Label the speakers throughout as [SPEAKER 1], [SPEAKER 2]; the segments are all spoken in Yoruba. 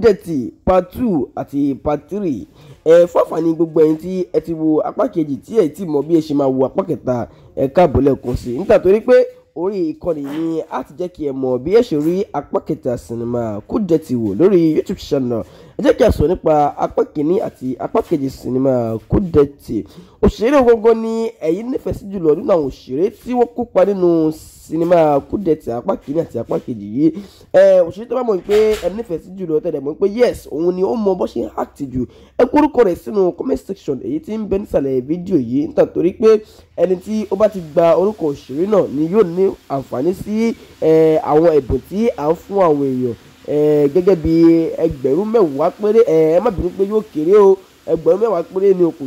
[SPEAKER 1] dirty part two àti part three ẹ fọ́fàní gbogbo ẹni tí ẹ ti wo apá kejì tí ẹ ti mọ bí ẹ ṣe máa wo apá kẹta ẹ káàbọ̀ lẹ́ẹ̀kan sí nígbà torí pé orí ìkànnì ni a ti jẹ́ kí ẹ mọ̀ bí ẹ ṣe rí apá kẹta sinimá Cool Dirty wò lórí YouTube channel ẹ jẹ́ kí a sọ nípa apá kìíní àti apá kejì sinimá Cool Dirty òṣèré gangan ni ẹ̀yin nífẹ̀ẹ́ sí jùlọ nínú àwọn òṣèré tí wọ́n kópa nínú sí sinimá kúdẹ̀tì apá kìíní àti apá kejì yìí ẹ òṣèré tó bá mọ̀ pé ẹ nífẹ̀ẹ́ sí tẹ̀lé mọ̀ pé yes òun ni ó mọ bó ṣe ń act jù ẹ kórúkọ rẹ̀ sínú comment section èyí tí ń bẹ nísàlẹ̀ fídíò yìí níta torí pé ẹni tí ó bá ti gba orúkọ òṣèré náà ni yóò ní àǹfààní sí àwọn ẹ̀bùn tí à ń fún àwọn èèyàn gẹ́gẹ́ bí ẹgbẹ̀rún mẹ́wàá péré ẹ má bínú pé yóò kéré o ẹgbẹ̀rún mẹ́wàá péré ni o kò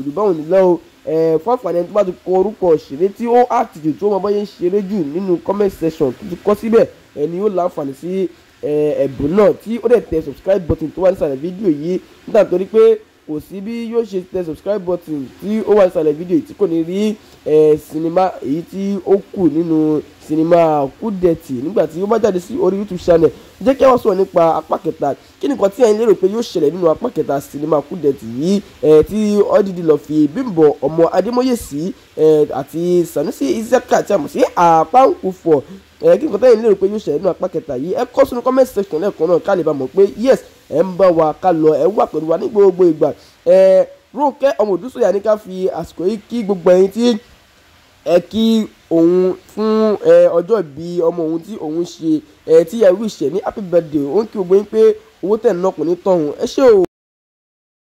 [SPEAKER 1] fún àǹfààní ẹni tó bá ti kọ orúkọ òṣèré tí ó act jù tó mọ bọ́yé ń ṣeré jù nínú comment section tó ti kọ́ síbẹ̀ ẹni yóò láǹfààní sí ẹ̀bùn náà tí ó dẹ̀ tẹ subscribe button tó wà nísàlẹ̀ fídíò yìí nígbà tó rí pé kò sí bí yóò ṣe tẹ subscribe button tí ó wà nísàlẹ̀ fídíò yìí tí kò ní rí ẹ sinimá èyí tí ó kù nínú sinimá kúdẹ̀tì nígbà tí ó bá jáde sí orí youtube channel jẹ́ kí wọ́n sọ̀rọ̀ nípa apá kẹta kí nìkan tí ẹ̀yin lérò pé yóò ṣẹlẹ̀ nínú apá kẹta sinimá kúdẹ̀tì yìí ẹ̀ tí ọ́dídì lọ́ọ́ fi bímbọ̀ ọmọ adémọ́yè sí ẹ̀ àti sanusi isaka tí a mọ̀ sí àpáǹkùfọ̀ ẹ̀ kí nìkan tí lérò pé yóò ṣẹlẹ̀ nínú apá kẹta yìí ẹ kọ́ sínú comment section lẹ́ẹ̀kan náà ká lè bá mọ̀ pé yes ẹ̀ ń bá wa ká lọ ẹ̀ wà pẹ̀lú wa ní gbogbo ìgbà ẹ̀ Rónkẹ́ ọmọ Òdúsọ̀yà ní ká fi àsìkò yìí kí gbogbo ẹ̀yin tí ẹ kí òun fún ẹ ọjọ́ ìbí ọmọ òun tí òun ṣe ẹ tí ìyàwó ìṣẹ̀ ní happy birthday òun kí gbogbo yín pé owó tẹ̀ ń nọkùnrin tọ̀hún ẹ ṣé o.